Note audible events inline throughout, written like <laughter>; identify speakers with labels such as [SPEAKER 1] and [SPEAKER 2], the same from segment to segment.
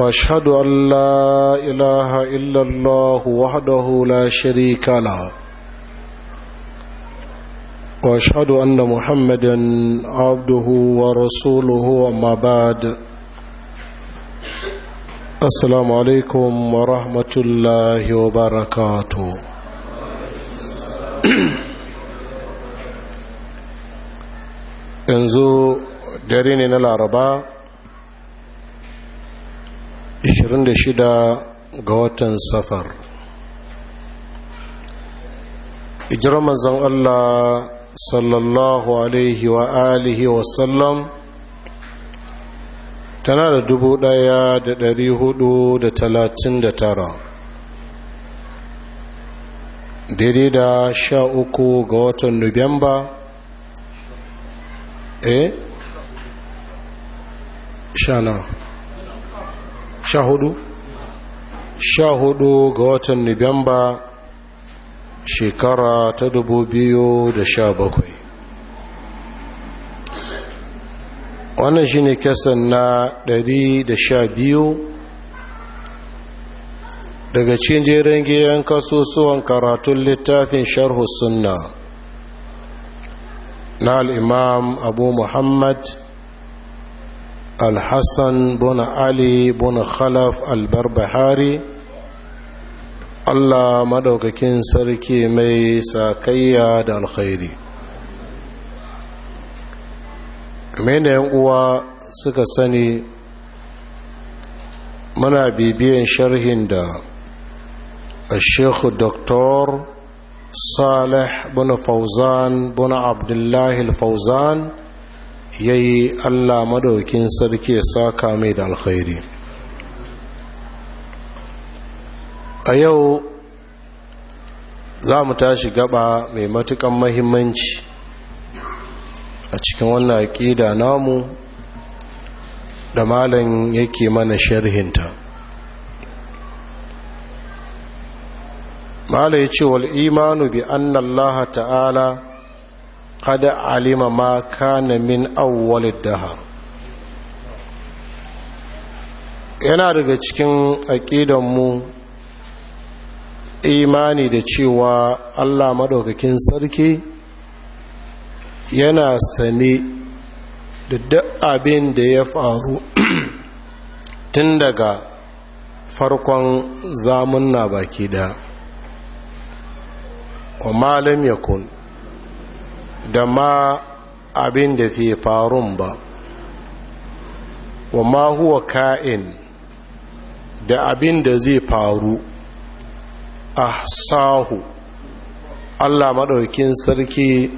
[SPEAKER 1] واشهد ان لا اله الا الله وحده لا شريك له واشهد ان محمدا عبده ورسوله وما بعد السلام عليكم ورحمه الله وبركاته yanzu dare ne na laraba 26 ga watan safar ijira mazan Allah sallallahu alaihi wa alihi wa sallam tana da dubu ɗaya da dari hudu da talatin da tara daidai da sha uku ga watan nuwamba eh sha sha hudu sha hudu ga watan nuwamba shekara ta dubu biyu da sha bakwai wannan shi ne kesan na dari da sha biyu daga cikin jerin giyan kasusuwan karatun littafin sharhu sunna na al'imam abu muhammad الحسن بن علي بن خلف البربهاري الله مدوككين سركي مي ساكيا دا الخيري من ينقوى سكسني منا بيبين شرهن دا الشيخ الدكتور صالح بن فوزان بن عبد الله الفوزان ya yi allah madaukin sarki ya saka mai da alkhairi a yau za mu tashi gaba mai matukan mahimmanci a cikin wannan aƙida namu da malam yake mana sharhinta malam ya ce wal imanu bi annallaha ta'ala قد علم ما كان من أول الدهر yana daga cikin aƙidanmu imani da cewa allah maɗaukakin sarki yana sane da duk abin da ya faru <clears throat> tun daga farkon zamunna baki da wa malam yakun da ma abin da fi farun ba wa ma huwa ka'in da abin da zai faru sahu. Allah maɗaukin sarki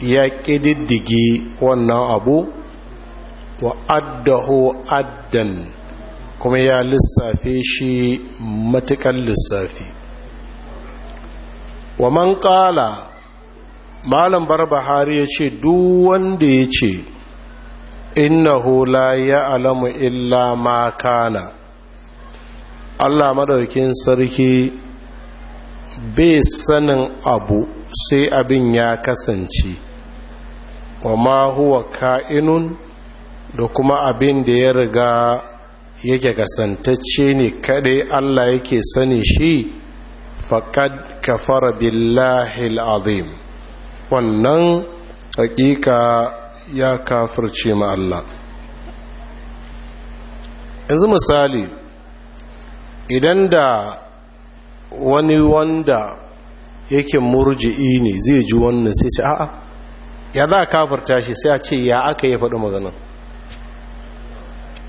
[SPEAKER 1] ya ƙididdige wannan abu wa addaho addan kuma ya lissafe shi matuƙan lissafi wa man ƙala malam barbahari ya ce duk wanda ya ce innahu ya alamu illa ma kana Allah madaukin sarki bai sanin abu sai abin ya kasance wa ma huwa ka'inun da kuma abin da ya riga yake kasantacce ne kadai Allah yake sani shi ka kafara billahi al'azim wannan hakika ya kafirce ma Allah yanzu misali idan da wani wanda yake murji'i ne zai ji wannan sai ce a'a ya za a kafirta shi sai a ce ya aka yi faɗi maganin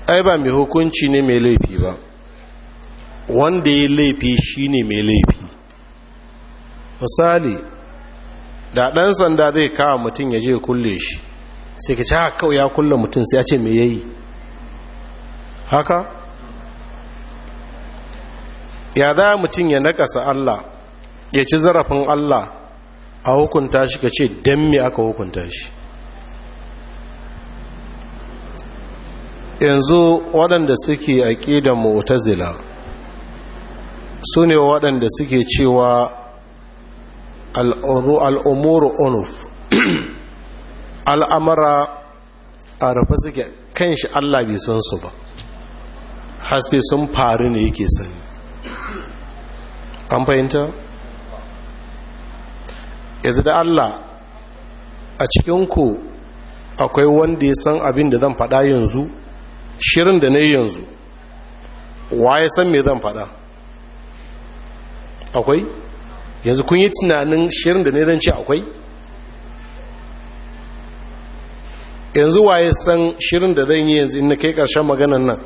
[SPEAKER 1] ai ba mai hukunci ne mai laifi ba wanda ya laifi shi ne mai laifi misali da ɗan sanda zai kawo mutum ya je kulle shi sai ka ci haka ya kulle mutum sai ya ce me yayi haka ya za mutum ya nakasa Allah ya ci zarafin Allah a hukunta shi ka ce don me aka hukunta shi yanzu waɗanda suke aƙidan mu'tazila su ne waɗanda suke cewa al'umuru unuf <clears throat> al'amara a rufe suke kan shi allah bai san su ba har sai sun faru ne yake sani an fahimta yanzu da allah a cikinku akwai wanda ya san abin da zan faɗa yanzu shirin da na yi yanzu wa ya san me zan faɗa akwai yanzu kun yi tunanin shirin da ne zan ce akwai yanzu waye san shirin da zan yi yanzu in na kai ƙarshen maganan nan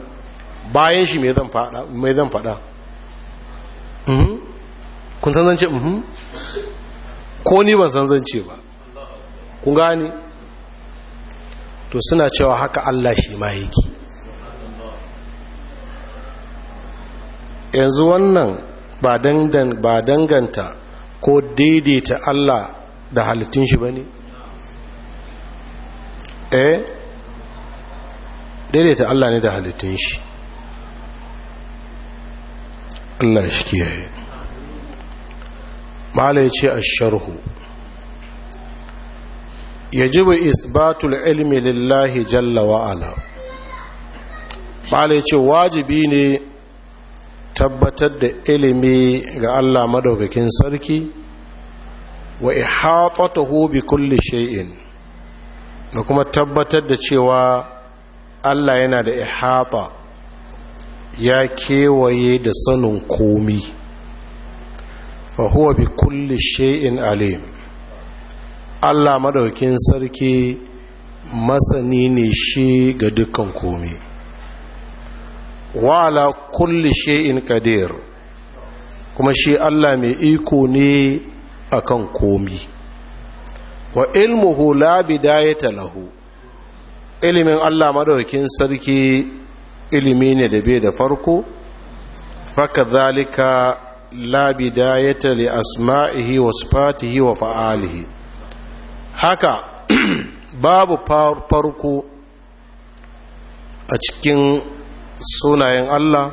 [SPEAKER 1] bayan shi mai zan faɗa mhm. kun san zance mhm? ko ni ban san zance ba kun gani to suna cewa haka Allah shi ma yake yanzu wannan ba danganta ko daidaita Allah da halittun shi ba ne eh daidaita Allah ne da halittun shi Allah shi kiyaye mala ya ce a sharhu Ya yajibu isbatul ilmi lillahi jalla wa'ala mala ya ce wajibi ne tabbatar da ilimi ga Allah maɗaukakin sarki wa ihatatuhu bi kulli shay'in da kuma tabbatar da cewa Allah yana da ihata ya kewaye da sanin komi fa huwa bi kulli shay'in alim Allah madaukakin sarki masani ne shi ga dukkan komi wala kulli shay'in qadir kuma shi Allah mai iko ne akan komi wa ilmuhu la bidayata lahu ilimin Allah maɗaukin sarki ilimi ne da bai da farko faka zalika la bidayata li asma'ihi wa sifatihi wa fa'alihi haka <clears throat> babu farko a cikin sunayen Allah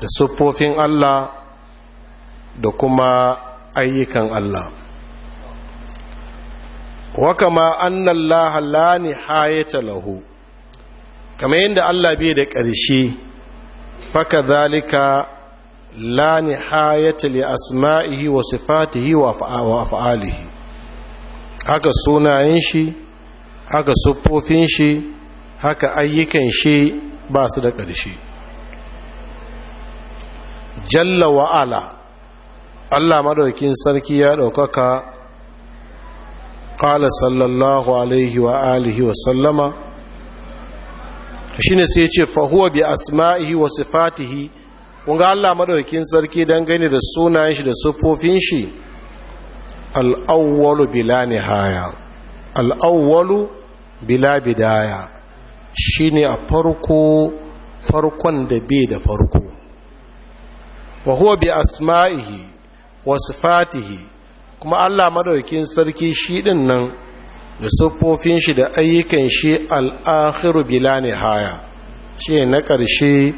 [SPEAKER 1] da siffofin Allah da kuma ayyukan Allah wakama annan lahala hayata lahu kamar yadda Allah bai da ƙarshe faka zalika la nihayata li asma'ihi wa sifatihi wa af'alihi haka sunayen shi haka siffofin shi haka ayyukan shi ba su da ƙarshe jalla wa'ala allah maɗaukin sarki ya ɗaukaka ƙala sallallahu alaihi wa alihi wa sallama shi ne sai ce fahuwa bi asma'ihi wa sifatihi kunga allah maɗaukin sarki don gani da sunayen shi da sufofin shi al'awwalu bila haya, al'awwalu bila bidaya shine a farko farkon da bai da farko wa huwa bi asma'ihi wa sifatihi kuma Allah madaukakin sarki shi din nan da siffofin shi da ayyukan shi al-akhiru bila nihaya ce na ƙarshe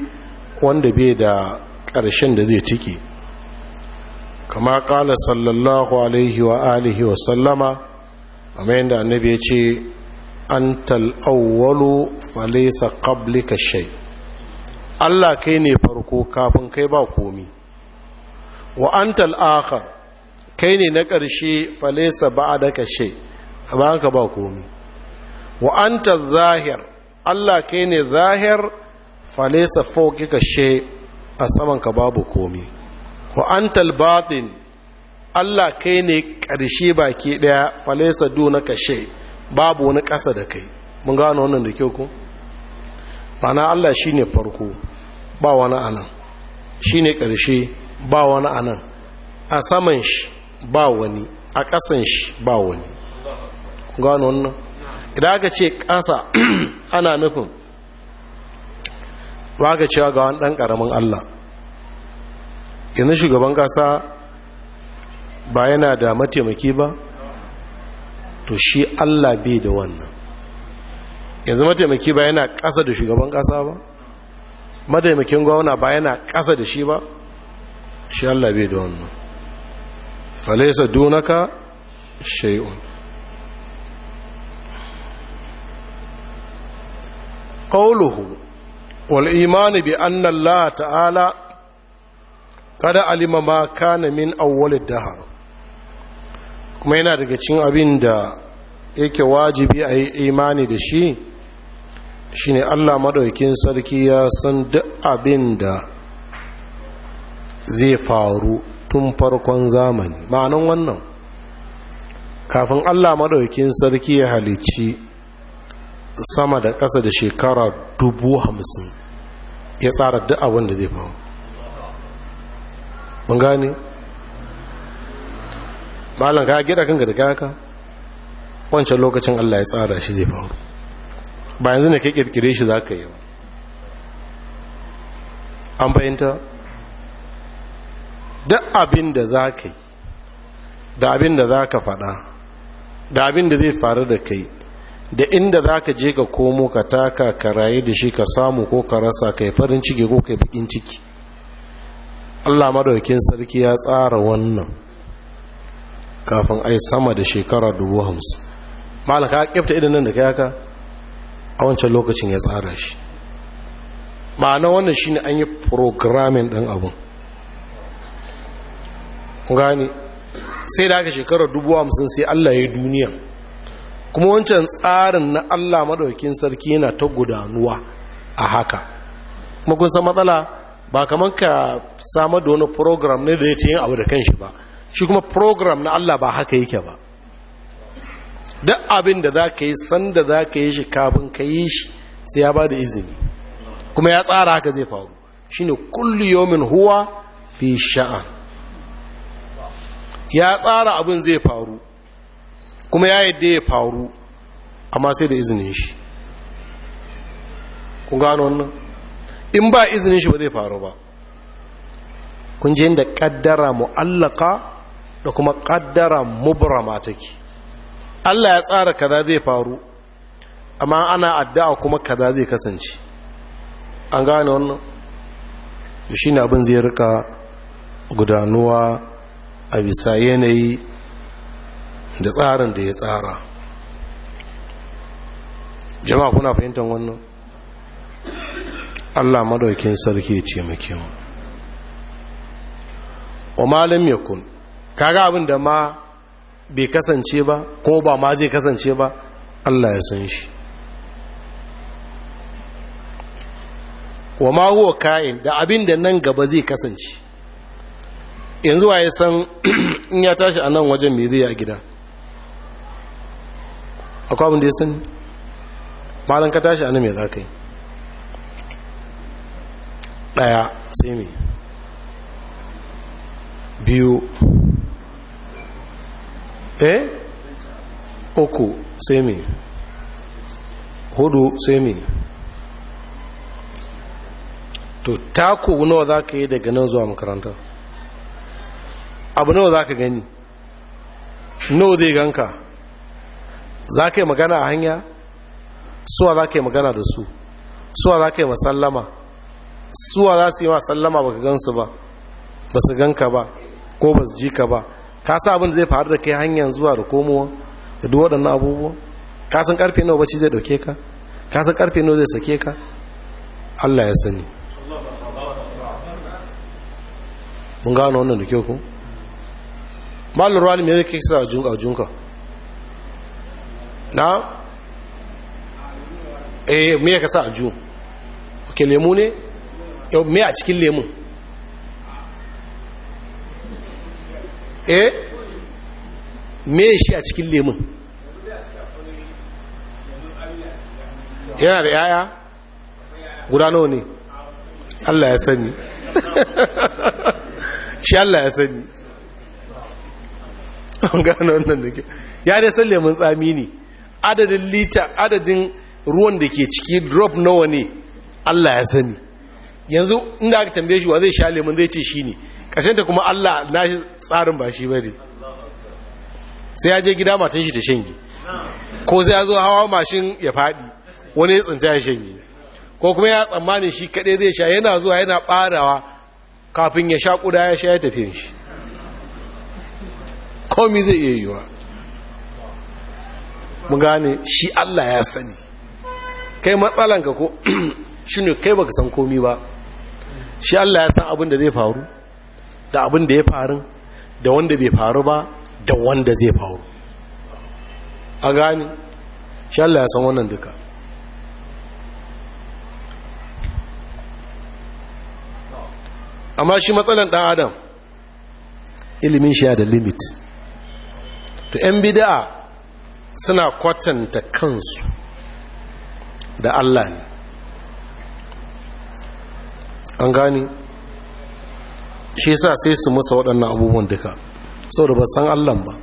[SPEAKER 1] wanda bai da ƙarshen da zai tike kama ƙala sallallahu alaihi wa alihi wa sallama amma yadda annabi ya ce antal awwalu falaysa qablika shay Allah kai ne farko kafin kai ba komi wa antal akhar kai ne na ƙarshe Falesa falaysa ba'daka shay ba ka ba komi wa antal zahir Allah kai ne zahir falaysa fawqika shay a saman ka babu komi wa antal batin Allah kai ne ƙarshe baki ɗaya falesa duna kashe babu wani ƙasa da kai mun gano wannan da kyau ko mana Allah shine farko ba wani anan shine ƙarshe ba wani anan a saman shi ba wani a ƙasan shi ba wani kun gano wannan idan aka ce ƙasa <clears throat> ana nufin ba ka cewa ga wani ɗan ƙaramin Allah yanzu shugaban ƙasa ba yana da mataimaki ba to shi Allah bai da wannan yanzu mataimaki ba yana ƙasa da shugaban ƙasa ba mataimakin gwamna ba yana ƙasa da shi ba shi Allah bai da wannan falesa dunaka shay'un qawluhu wal imani bi anna Allah ta'ala kada alima ma kana min awwalid dahar kuma yana daga cin abin da yake wajibi a yi imani da shi shi ne allah maɗaukin sarki ya san duk abin da zai faru tun farkon zamani ma'anin wannan kafin allah maɗaukin sarki ya halicci sama da ƙasa da shekara dubu hamsin ya tsara duk abin da zai faru malam ka gida kanka da kaka wancan lokacin Allah ya tsara shi zai faru ba yanzu ne ka kirkire shi za ka yi an fahimta duk abin da za ka yi da abin da za ka faɗa da abin da zai faru da kai da inda za ka je ka komo ka taka ka rayu da shi ka samu ko ka rasa kai farin ciki ko kai bikin ciki allah madaukin sarki ya tsara wannan kafin ai sama da shekara dubu hamsin malaka kyafta idan nan da kai haka a wancan lokacin ya tsara shi ma'ana wannan shi ne an yi programming ɗan abun gani sai da aka shekarar dubu hamsin sai allah ya duniya kuma wancan tsarin na allah maɗaukin sarki yana ta gudanuwa a haka kuma kun san matsala ba kamar ka samar da wani program ne da ya ce yin abu da kanshi ba shi kuma program na Allah ba haka yake ba duk abin da za ka yi sanda za ka yi shi kafin ka yi shi sai ya ba da izini kuma ya tsara haka zai faru shi ne kulli yomin huwa fi sha'an ya tsara abin zai faru kuma ya yadda ya faru amma sai da izinin shi kun gano wannan in ba izinin shi ba zai faru ba kun je da kaddara mu'allaka da kuma ƙaddara mubrama take Allah ya tsara kaza zai faru amma ana addu'a kuma kaza zai kasance an gane wannan shi ne abin zai rika gudanuwa a bisa yanayi da tsarin da ya tsara jama'a kuna fahimtar wannan Allah madaukin sarki ya ce muke mu wa malam ya yakun kaga abin da ma bai kasance ba ko ba ma zai kasance ba Allah ya san shi wa ma huwa ka'in da abin da nan gaba zai kasance yanzu wa ya san <clears throat> in ya tashi a nan wajen me zai a gida akwai abin da ya sani malan ka tashi a nan me za ka yi ɗaya sai me biyu eh uku sai hudu sai to taku nawa za ka yi daga nan zuwa makaranta abu nawa za ka gani nawa zai ganka za ka yi magana a hanya suwa za ka yi magana da su suwa za ka yi masallama suwa za su yi masallama ba ka gansu ba ba su ganka ba ko ba su ji ka ba ka sa abin zai faru da kai hanyar zuwa da komowa da duk waɗannan abubuwa ka san karfe nawa bacci zai dauke ka ka san karfe nawa zai sake ka Allah ya sani mun gano wannan da kyau ku malin ruwa me yake sa junka junka na eh me ka sa a ju ke lemu ne me a cikin lemun eh me shi a cikin lemun yana da yaya guda nawa ne Allah ya sani <laughs> shi Allah ya sani gano wannan da ke ya dai san lemun tsami ne adadin lita adadin ruwan da ke ciki drop nawa ne Allah ya sani yanzu inda aka tambaye shi wa zai sha lemun zai ce shi ne ta kuma Allah na shi tsarin ba shi bari sai ya je gida matan shi ta shanye ko sai ya zo hawa mashin ya faɗi wani ya tsinta ya shanye ko kuma ya tsammani shi kaɗai zai sha yana zuwa yana ɓarawa kafin ya sha ƙuda ya sha ya tafi shi komi zai iya yiwa mu gane shi Allah ya sani kai matsalanka ko <clears throat> shi ne kai baka san komi ba shi Allah ya san abin da zai faru da abin da ya faru da wanda bai faru ba da wanda zai faru a gani shi Allah ya san wannan duka amma shi matsalan ɗan adam ilimin shi da limit to 'yan bida'a suna kwatanta kansu da Allah ne an gani shi sa sai su musa waɗannan abubuwan duka saboda ba san Allah ba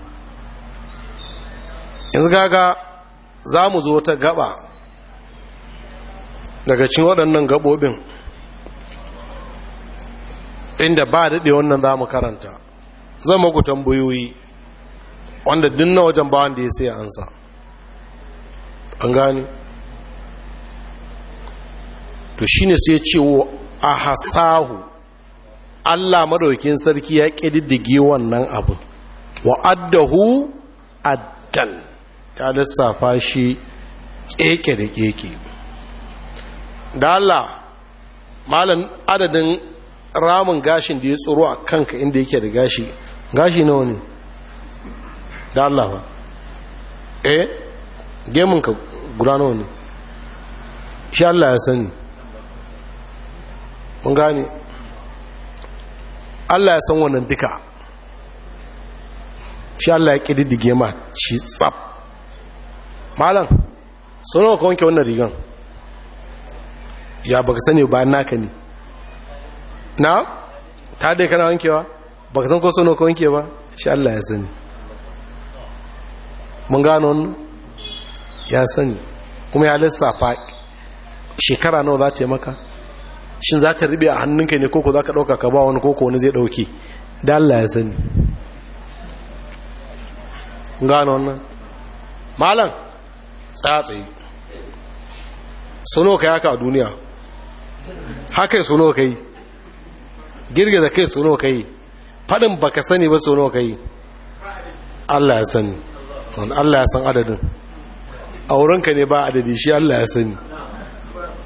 [SPEAKER 1] yanzu gaga za mu zo ta gaba daga cin waɗannan gabobin inda ba daɗe wannan za mu karanta zan maku tambayoyi wanda dinna wajen ba wanda ya sai ansa an gani to shine sai ce wa a hasahu Allah madaukin sarki ya ƙididdige wannan abin addahu addan ya lissafa shi keke da keke da Allah malam adadin ramin gashin da ya tsoro a kanka inda yake da gashi gashi nawa ne da Allah ba eh geminka guda nawa ne shi Allah ya sani mun gane Allah ya san wannan duka shi Allah ya kididdige ma ci tsab malam sono ka wanke wannan rigan ya baka sani ba naka ne na ta dai kana wankewa baka san ko sono ka wanke ba shi Allah ya sani mun gano wannan ya sani kuma ya lissafa shekara nawa za ta yi maka shin za ka ribe a hannunka ne koko za ka ɗauka ka ba wani koko wani zai ɗauki da Allah ya sani gano wannan malam tsatsaye suno ka yaka a duniya haka suno ka yi da kai suno ka yi faɗin ka sani ba suno ka yi Allah ya sani Wani Allah ya san adadin a wurinka ne ba adadi shi Allah ya sani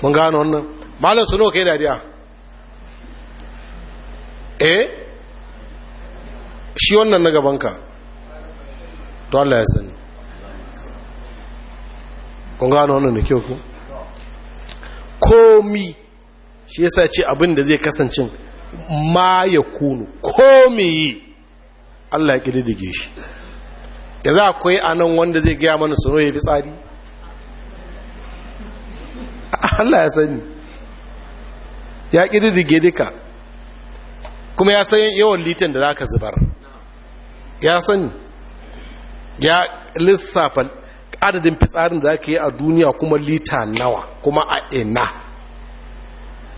[SPEAKER 1] mun gano wannan malam su nawa kai dariya eh shi wannan na gabanka to Allah ya sani kun gano wannan da kyau ku komi shi yasa ce abin da zai kasance ma ya kunu komi Allah ya kididige shi ya za akwai a nan wanda zai gaya mana suno ya bi tsari <laughs> Allah ya sani ya ƙididdige duka kuma ya san yawan litan da za ka zubar ya sani ya lissafa adadin fitsarin da za ka yi a duniya kuma lita nawa kuma a ina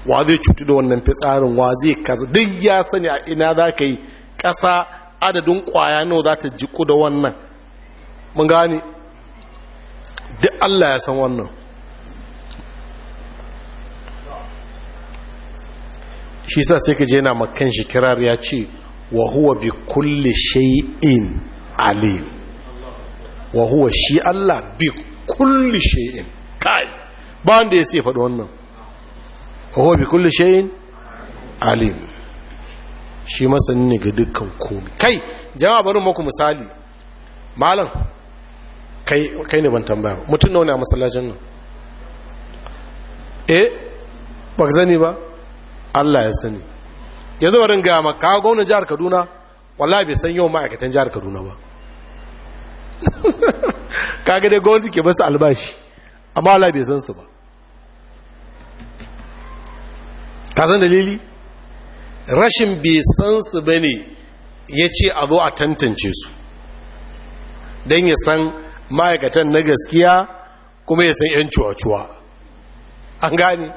[SPEAKER 1] wa zai cutu da wannan fitsarin wa zai kaza duk ya sani a ina za ka yi ƙasa adadin ƙwaya nawa za ta jiku da wannan mun gani? duk allah ya san wannan shi sa sai ka je na makan shi kirar ya ce wa huwa bi kulli shay'in alim wa huwa shi Allah bi kulli shay'in kai ba wanda ya sai faɗi wannan wa huwa bi kulli shay'in alim shi masani ne ga dukkan komai kai jama'a bari muku misali malam kai kai ne ban tambaya mutum nawa ne a masallacin nan eh ba ka zani ba Allah ya sani yanzu warin ga maka gwamnan jihar Kaduna wallahi bai san yau ma'aikatan jihar Kaduna ba <laughs> kaga dai gwamnati ke basu albashi amma wallahi bai san su ba ka san dalili rashin bai san su ba ne ya ce a zo a tantance su don ya san ma'aikatan na gaskiya kuma ya san 'yan cuwa-cuwa an gane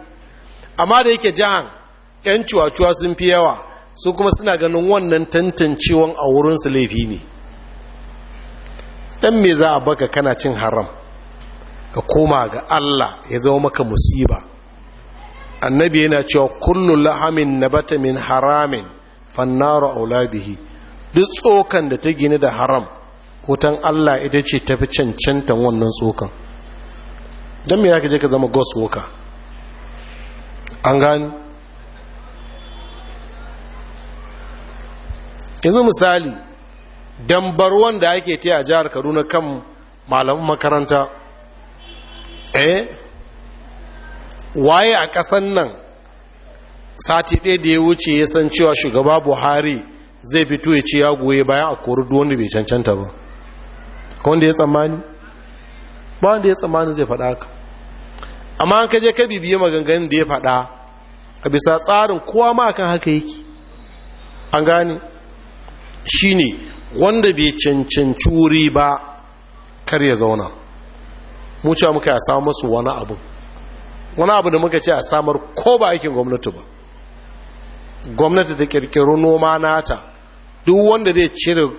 [SPEAKER 1] amma da yake jihar 'yan cuwa-cuwa sun fi yawa su kuma suna ganin wannan tantancewan a wurinsu laifi ne dan me za a baka kana cin haram ka koma ga Allah ya zama maka musiba annabi yana cewa kullum lahamin na batamin haramin fannaru aulabihi duk tsokan da ta gini da haram wutan Allah ita ce ta tafi cancantan wannan tsokan dan me zaka je ka zama goswoka an gani yanzu misali dambarwan da ake te a jihar kaduna kan malaman makaranta eh waye a ƙasan nan sati ɗaya da ya wuce ya san cewa shugaba buhari zai fito ya ce ya goye bayan a kori wanda bai cancanta ba wanda ya tsammani ba wanda ya tsammani zai faɗa ka amma an kaje ka bibiye maganganun da ya faɗa a bisa tsarin kowa ma akan haka yake an gane shine wanda bai cancanci wuri ba kar ya zauna mu ce muka ya samu masu wani abu wani abu da muka ce a samar ko ba aikin gwamnati ba gwamnati ta kirkiri noma nata duk wanda zai cire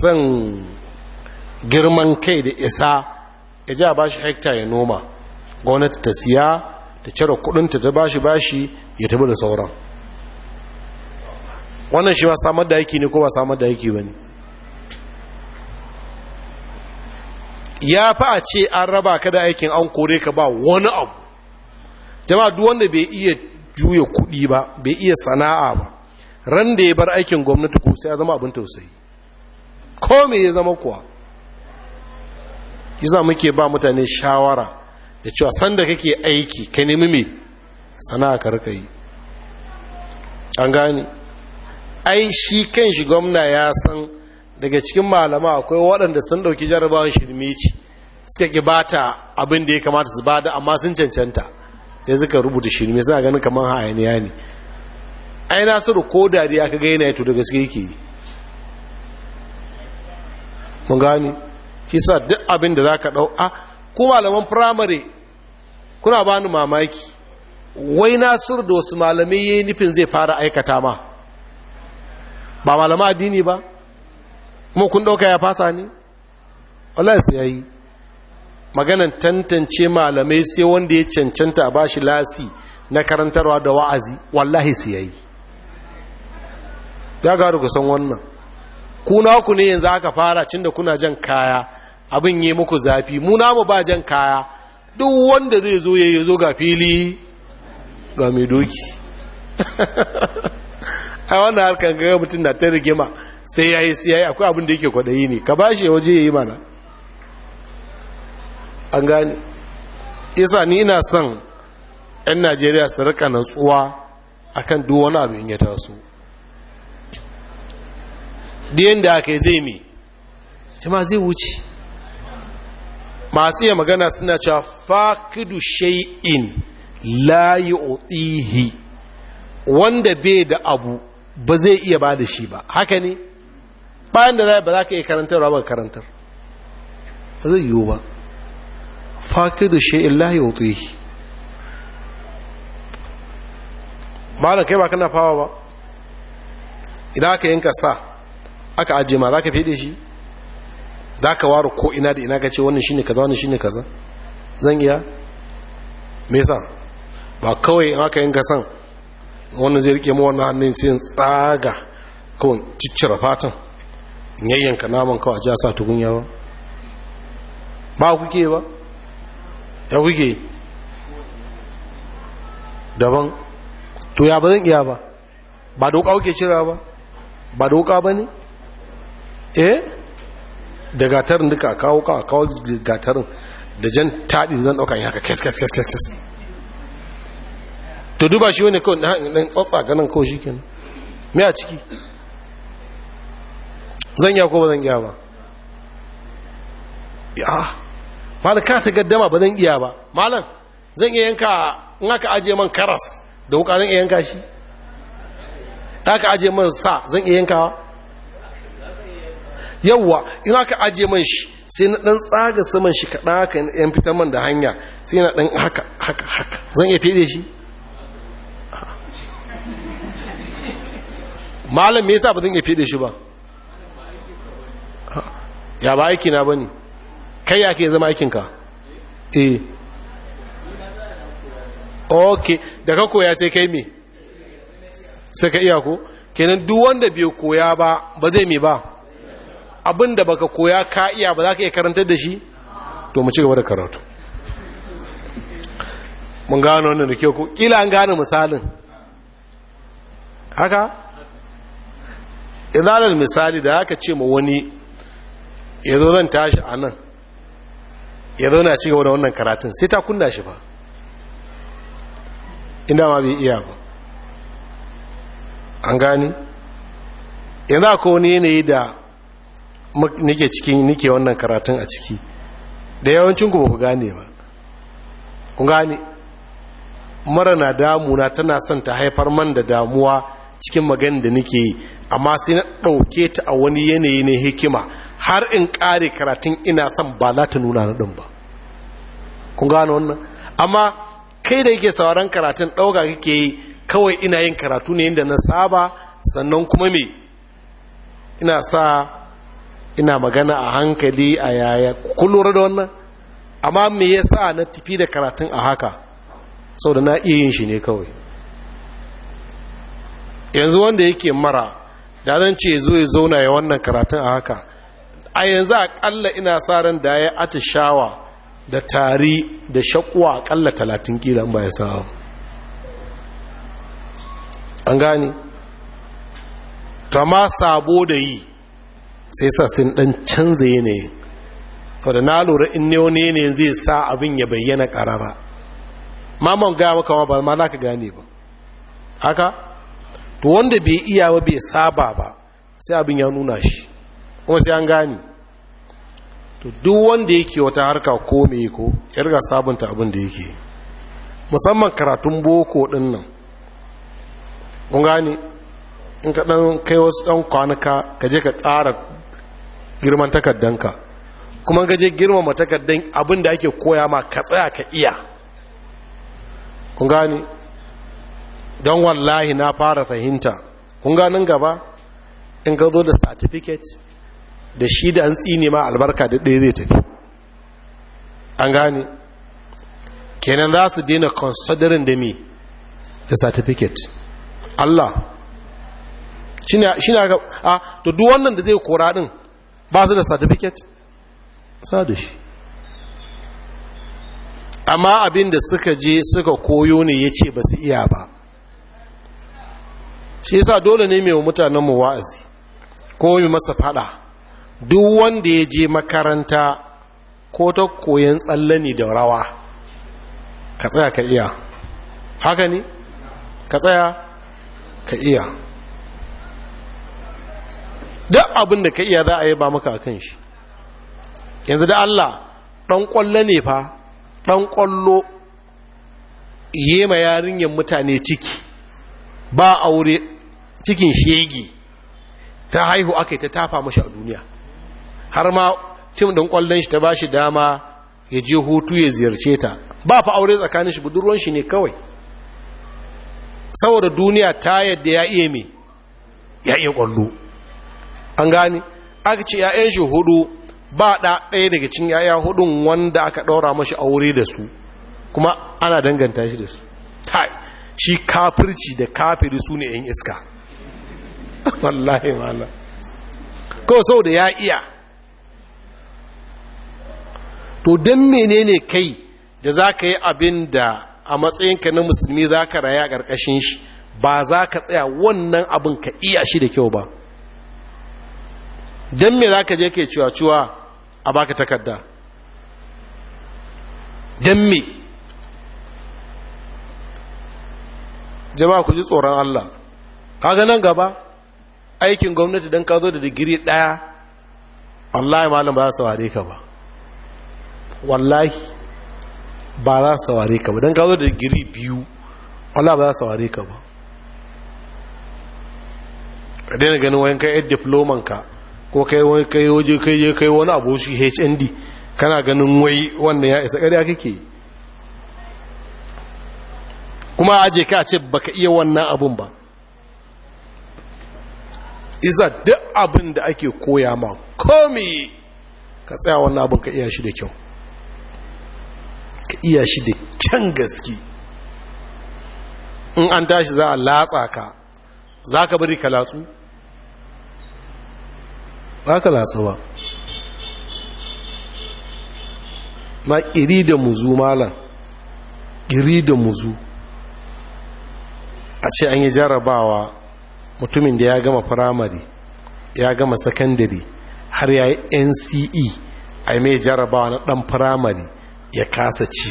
[SPEAKER 1] son girman kai da isa ya ji a shi hekta ya noma gwamnati ta siya da cire kudinta ta bashi bashi ya tabi da sauran wannan shi ba samar da aiki ne ko ba samar da aiki ba ne ya fi a ce an raba ka da aikin an kore ka ba wani abu jama'a duk wanda bai iya juya kuɗi ba bai iya sana'a ba ran da ya bar aikin gwamnati ko sai ya zama abin tausayi ko me ya zama kuwa yasa muke ba mutane shawara da cewa sanda kake aiki ka nemi me sana'a ka rika yi an gani ai shi kan shi gwamna ya san daga cikin malama akwai waɗanda sun ɗauki jarabawan shirmici suka ƙi bata abin da ya kamata su bada amma sun cancanta ya zika rubuta shirmi suna ganin kamar hayaniya ne ai nasiru ko dariya aka gaina ya yato daga suke yake yi mun gani shi sa duk abin da za ka ɗau a ku malaman firamare kuna ba ni mamaki wai nasiru da wasu malamai ya yi nufin zai fara aikata ma ba malama addini ba mu kun ɗauka ya fasa ne wallahi sai yayi maganan tantance malamai sai wanda ya cancanta a bashi lasi na karantarwa da wa'azi wallahi sai yayi ya garu ku san wannan ku ne yanzu aka fara cin kuna jan kaya abin yi muku zafi mu namu ba jan kaya duk wanda zai zo yayi zo ga fili ga mai doki <laughs> a wannan harkar ga mutum na ta rigima sai ya yi sai akwai abin da yake kwaɗayi ne ka bashi ya waje ya yi mana an gane isa ni ina son 'yan najeriya su rika natsuwa a kan duk wani abin ya taso diyan da aka yi zai mi jama zai wuce masu iya magana suna cewa fakidu shay'in la yu'tihi wanda bai da abu ba zai iya ba da shi ba haka ne bayan da zai ba za ka iya karantar ba karantar ba zai yiwu ba fakidu shay'in yi ba da kai ba kana fawa ba idan aka yanka sa aka ajiye ma za ka fede shi za ka waru ko ina da ina ka ce wannan ne kaza wannan ne kaza zan iya me ba kawai in aka yanka san wannan zai rike mawa hannun sai tsaga kawai ciccira fatan yayyanka naman kawai ja sa tukunya ba ba kuke ba ya kuke daban to ya ba zan iya ba ba doka kuke cira ba ba doka ba ne eh da gatarin duka kawo kawo gatarin da jan taɗi zan ɗauka yin haka kes kes kes kes to duba shi wani kawai ɗan tsatsa ganin kawai shi kenan mai a ciki zan ya ko ba zan iya ba ya malam ka ta gaddama ba zan iya ba malam zan iya yanka in aka ajiye man karas da wuka zan iya yanka shi aka ajiye man sa zan iya yanka yankawa yawwa in aka ajiye man shi sai na ɗan tsaga saman shi kaɗa haka yan fitar man da hanya sai na ɗan haka haka haka zan iya fede shi malam me yasa ba zan iya fede shi ba ya ba aiki na bane kai ya ke zama aikin ka eh okay da ka koya sai kai me sai ka iya ko kenan duk wanda bai koya ba ba zai me ba abinda baka koya ka iya ba za ka iya karantar da shi to mu ci gaba da karatu mun gano wannan da ke ko kila an gane misalin haka izalar misali da aka ce ma wani ya zo zan tashi a nan ya zauna ci gaba da wannan karatun sai ta kunna shi ba inda ma bai iya ba an gani yanzu akwai wani yanayi da nike cikin nike wannan karatun a ciki da yawancin ku ba ku gane ba ku gane mara na damuna tana son ta haifar man da damuwa cikin magani da nike yi amma sai na ɗauke ta a wani yanayi ne hikima har in ƙare karatun ina son ba za ta nuna na ɗin ba kun gano wannan amma kai da yake sauran karatun ɗauka kake yi kawai ina yin karatu ne inda na saba sannan kuma me ina sa ina magana a hankali a yaya kun lura da wannan amma me ya sa na tafi da karatun a haka sau da na iya yin shi ne kawai yanzu wanda yake mara da zan ce zo ya zauna ya wannan karatun a haka a yanzu akalla ina sa ran da ya atishawa da tari da shakuwa akalla talatin kila ba ya sa'a an gani ta ma sabo da yi sai sa sun dan canza yanayi to da na lura in ne wani yanayin zai sa abin ya bayyana karara mamon gaya maka ma ba ma za ka gane ba haka to wanda bai iya ba bai saba ba sai abin ya nuna shi kuma sai an gane to duk wanda yake wata harka ko mai ko ya riga sabunta abin da yake musamman karatun boko din nan kun gane in ka dan kai wasu dan kwanuka ka je ka ƙara girman takardanka kuma ka je girmama takardan abin da ake koya ma ka tsaya ka iya kun gane don wallahi na fara fahimta kun ganin gaba in ga zo da certificate da shi da an tsine ma albarka da ɗaya zai tafi an gane kenan za su daina considering da me da certificate Allah shi na ga a duk wannan da zai kora din ba su da certificate sa da shi amma abin da suka je suka koyo ne ya ce ba su iya ba shi yasa dole ne mai mutanen mu wa'azi ko yi masa fada duk wanda ya je makaranta ko ta koyan tsalle ne da rawa ka tsaya ka iya haka ne ka tsaya ka iya duk abin da ka iya za a yi ba maka kan shi yanzu da Allah ɗan ƙwallo ne fa ɗan ƙwallo yi yema yarinyar mutane ciki ba aure cikin shegi ta haihu aka ta tafa mashi a duniya har ma tim ɗin ƙwallon shi ta ba shi dama ya je hutu ya ziyarce ta ba fa aure tsakanin shi budurwan shi ne kawai saboda duniya ta yadda ya iya mai ya iya ƙwallo an gane aka ce ‘ya'yan shi hudu ba ɗaya daga cin ‘ya'ya hudun wanda aka ɗaura mashi aure da su kuma ana danganta shi da su shi kafirci da kafiri su ne ‘yan iska <laughs> wallahi malam ko sau da ya iya to don menene kai da za ka yi abin da a matsayinka na musulmi za ka raya a ƙarƙashin shi ba za ka tsaya wannan abin ka iya shi da kyau ba don me za ka je ke cewa-cewa a baka takarda don me jama'a ku ji tsoron allah Ka ga nan gaba aikin gwamnati don ka zo da digiri ɗaya wallahi malam ba za su ware ka ba wallahi ba za su ware ka ba don ka zo da digiri biyu wallahi ba za su ware ka ba a daina ganin wani kai diploman ka ko kai wani kai waje kai je kai wani abu shi hnd kana ganin wai wannan ya isa ƙarya kake yi kuma aje ka ce baka iya wannan abun ba Iza duk abin da ake koya ma komi ka tsaya wannan abin ka iya shi da kyau ka iya shi da kyan gaske in an tashi za a latsa ka za ka bari ka latsu ba ka latsu ba ma iri da muzu malam iri da muzu a ce an yi jarabawa mutumin da ya gama firamare ya gama sakandare har ya yi nce a mai jarabawa na dan firamare ya kasa ci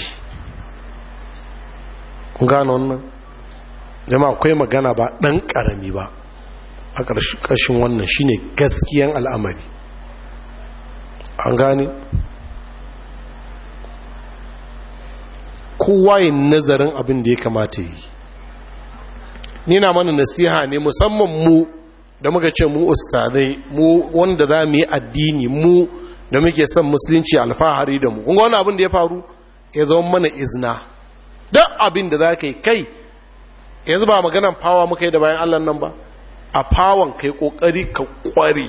[SPEAKER 1] kun gano wannan jama'a akwai magana ba dan karami ba a ƙarshen wannan shine gaskiyan al'amari an gane kowa yin nazarin abin da ya kamata yi ni na mana nasiha ne musamman mu da muka ce mu ustazai mu wanda za mu yi addini mu da muke son musulunci alfahari da mu kunga wani abin da ya faru ya zama mana izna duk abin da za ka yi kai yanzu ba maganan fawa muka yi da bayan allah nan ba a fawon kai kokari ka kware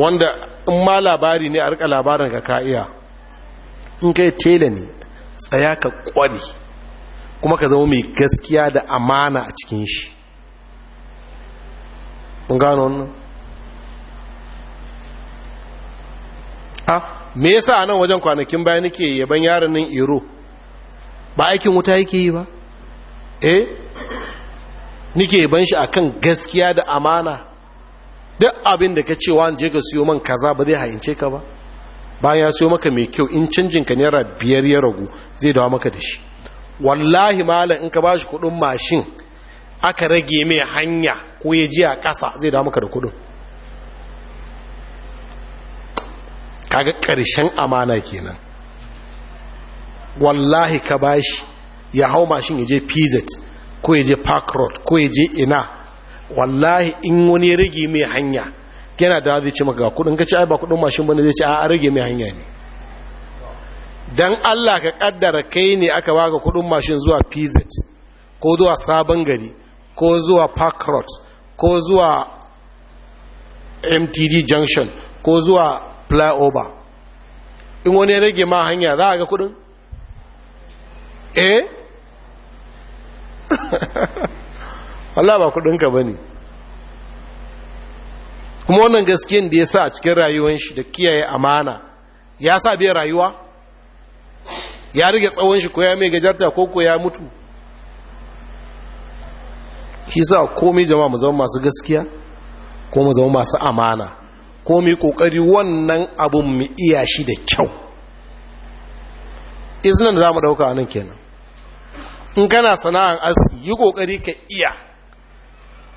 [SPEAKER 1] wanda in ma labari ne a rika labarin ka ka in kai tela ne tsaya ka kware kuma ka zama mai gaskiya da amana a cikin shi kun gano wannan ha me yasa a nan wajen kwanakin bayan nake yaban yaron nan iro ba aikin wuta yake yi ba eh nike yaban shi akan gaskiya da amana duk abin da ka ce wa je ka siyo man kaza ba zai hayince ka ba bayan ya siyo maka mai kyau in canjin ka naira biyar ya ragu zai dawo maka da shi wallahi malam in ka bashi kudin mashin aka rage mai hanya ko ya ji a ƙasa zai damu ka da kudin kaga ƙarshen amana kenan wallahi ka bashi ya hau mashin ya je pz ko ya je park road ko ya je ina wallahi in wani rage mai hanya yana da zai ce maka kudin ka ci ai ba kudin mashin bane zai ce a rage mai hanya ne don allah ka kaddara kai ne aka baka kudin mashin zuwa pz ko zuwa sabon gari ko zuwa park road ko zuwa mtd junction ko zuwa flyover in wani rage ma hanya za a ga kudin eh <laughs> Allah ba kudinka ba ne kuma wannan gaskiyan da ya sa cikin rayuwan shi da kiyaye amana ya sa biya rayuwa ya rage tsawon shi ko ya mai gajarta ko ko ya mutu shi sa komai jama'a mu zama masu gaskiya ko mu zama masu amana ko mu kokari wannan abun mu iya shi da kyau izinin da za mu ɗauka nan kenan in kana sana'an aski yi kokari ka iya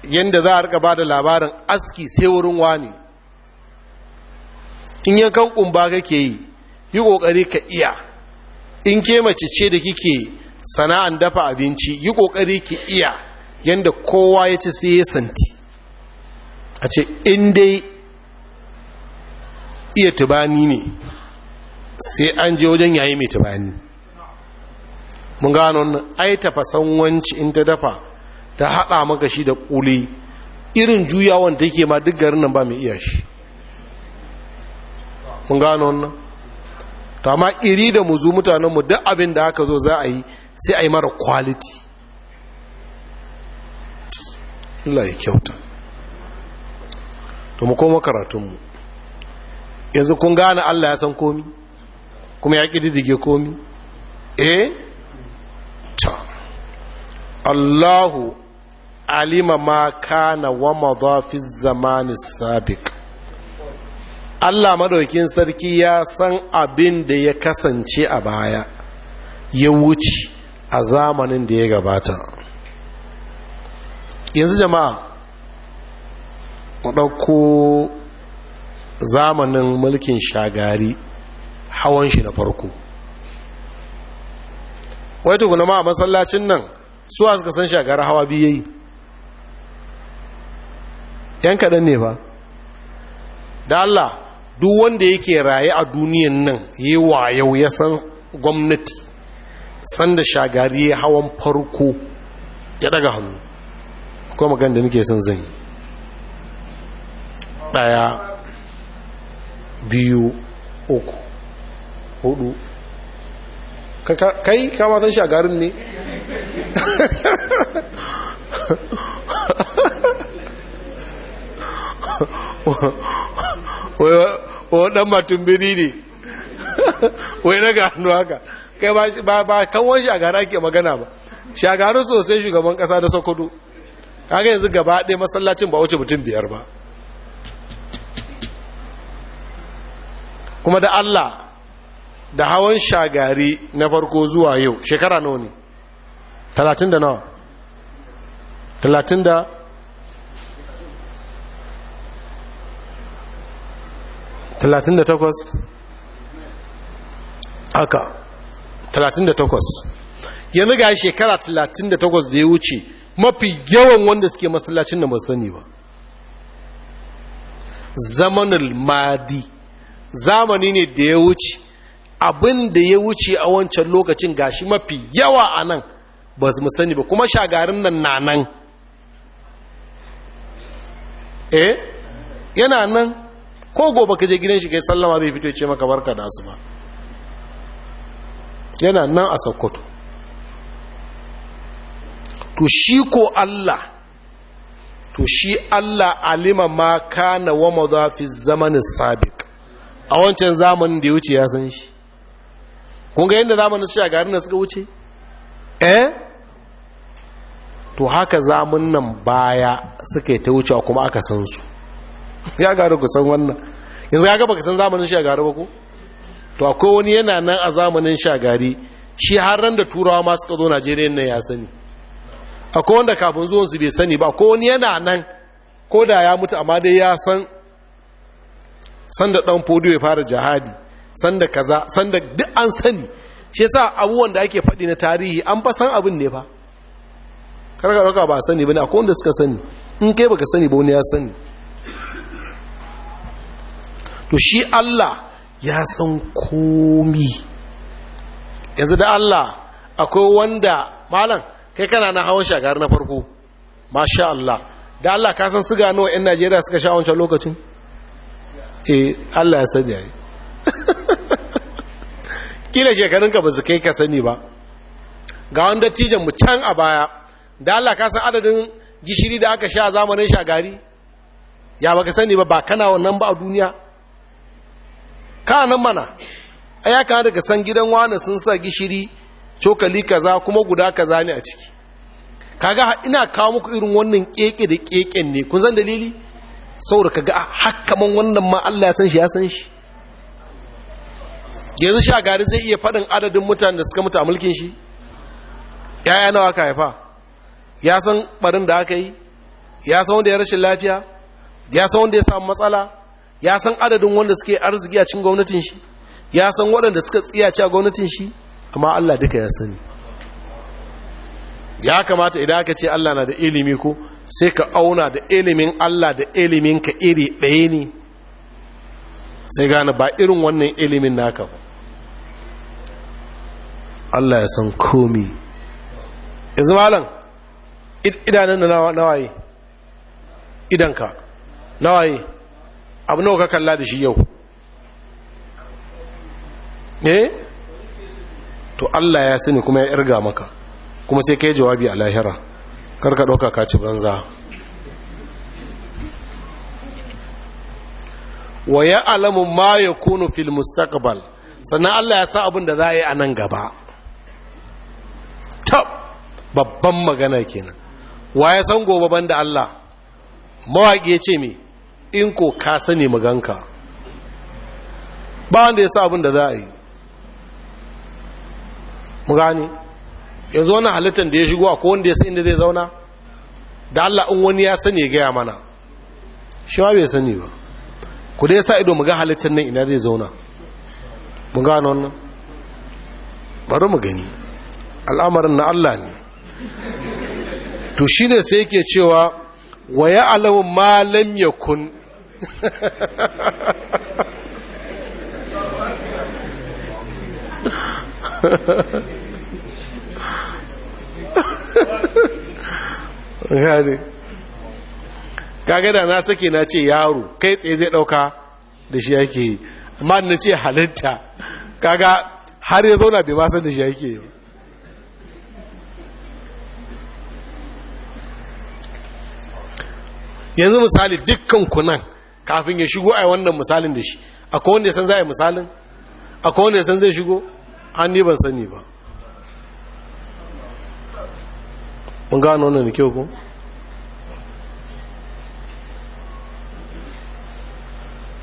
[SPEAKER 1] yadda za a rika ba da labarin aski sai wurin wani in yankan kumba kake yi yi kokari ka iya in ke mace ce da kike sana'an dafa abinci yi kokari ki iya yadda kowa ya ci sai ya santi a ce in dai iya tubani ne sai an je wajen yayi mai tubani mun gano ai tafasan wanci in ta dafa ta haɗa maka shi da ƙuli irin juyawan take ma duk garin nan ba mai iya shi mun gano wannan to amma iri da muzu mu duk abin da aka zo za a yi sai a yi mara kwaliti Allah ya kyauta to mu koma karatunmu yanzu kun gane Allah ya san komi kuma ya ƙididdige komi eh ta Allahu alima ma kana wa madha fi zamani sabiq Allah madaukin sarki ya san abin da ya kasance a baya ya wuce a zamanin da ya gabata yanzu jama'a ɗauko zamanin mulkin shagari hawan shi na farko wai tukuna ma a masallacin nan su suka san shagari hawa biyu yi yan kaɗan ne ba da Allah duk wanda yake raye a duniyan nan yi yau ya san gwamnati sanda shagari ya hawan farko ya daga hannu kuma magan da nake son zan yi daya biyu uku hudu kai kama san shagarin ne <laughs> wai dan matun biri ne <laughs> wai na ganu haka kai ba ba kanwon shagara ake magana ba shagaru sosai shugaban kasa da sokoto kaga yanzu gaba ɗaya masallacin ba wuce mutum biyar ba kuma da Allah da hawan shagari na farko zuwa yau shekara nawa ne talatin da nawa talatin da 38 aka 38 yanzu ga shekara 38 da ya wuce mafi yawan wanda suke masallacin da sani ba zamanin madi zamani ne da ya wuce abin da ya wuce a wancan lokacin gashi mafi yawa a nan ba su sani ba kuma shagarin nan na nan eh yana nan ko gobe ka je gidan shi kai sallama bai fito ce maka barka da asuba yana nan a sokoto to shi ko Allah to shi Allah alima ma kana wa maza fi zamanin sabiq a wancan zamanin da ya wuce ya san shi kun ga yadda zamanin shi a garin da suka wuce eh to haka zamanin nan baya suka yi ta wucewa kuma aka san su ya gari ku san wannan yanzu ya gaba ka san zamanin shagari ba ko to akwai wani yana nan a zamanin shagari shi har ran da turawa ma suka zo najeriya nan ya sani akwai wanda kafin zuwan su bai sani ba akwai wani yana nan ko da ya mutu amma dai ya san sanda dan fodi ya fara jihadi sanda kaza sanda duk an sani shi yasa abubuwan da ake faɗi na tarihi an fa san abin ne ba karka ɗauka ba sani ba ne akwai wanda suka sani in kai baka sani ba wani ya sani to shi Allah ya san komi yanzu da Allah akwai wanda malam kai kana na hawan shagar na farko masha Allah da Allah ka san su nawa yan Najeriya suka sha wancan lokacin eh Allah ya sani ai <laughs> kila shekarun ka ba su kai ka sani ba ga wanda tijan mu can a baya da Allah ka san adadin gishiri da aka sha zamanin shagari ya baka sani ba ba kana wannan ba a duniya ka mana a ya kana daga san gidan wani sun sa gishiri cokali kaza kuma guda kaza ne a ciki kaga ina kawo muku irin wannan keke da keken ne kun san dalili saboda kaga ah, hakkaman wannan ma Allah ya san shi ya san shi yanzu gari zai iya faɗin adadin mutanen da suka mutu a mulkin shi yaya nawa ka haifa ya san barin da aka yi ya san wanda ya rashin lafiya ya san wanda ya samu matsala ya san adadin wanda suke arziki a cikin gwamnatin shi ya san waɗanda suka tsiyace a gwamnatin shi amma Allah duka ya sani ya kamata idan aka ce Allah na da ilimi ko sai ka auna da ilimin Allah da ilimin ka iri ɗaya ne sai gane ba irin wannan ilimin naka ba Allah ya san komi yanzu malam idanun na nawaye idanka nawaye abu nawa ka kalla da shi yau eh to Allah ya sani kuma ya irga maka kuma sai kai jawabi a lahira karka ka dauka ka banza wa ya'lamu ma yakunu fil mustaqbal sannan Allah ya sa abin da za a yi a nan gaba tab babban magana kenan wa ya san gobe banda Allah mawaƙi ya ce me in ko ka sani maganka ba wanda ya sa abin da za a yi mu gani yanzu wani halittar da ya shigo a wanda ya sai inda zai zauna da Allah in wani ya sani ya gaya mana shi ma bai sani ba ku dai sa ido mu ga halittar nan ina zai zauna mu gano wannan bari mu gani al'amarin na Allah ne to shi ne sai yake cewa wa ya alamu malam ya kun. gane <laughs> kaga da na sake na ce yaro kai tsaye zai dauka da shi yake yi amma na ce halitta kaga har ya zauna bai basa da shi yake yi yanzu misali dukkan kunan kafin ya shigo a wannan misalin da shi akwai wanda ya san za a yi misalin akwai wanda ya san zai shigo an ni ban sani ba mun gano wannan da kyau ko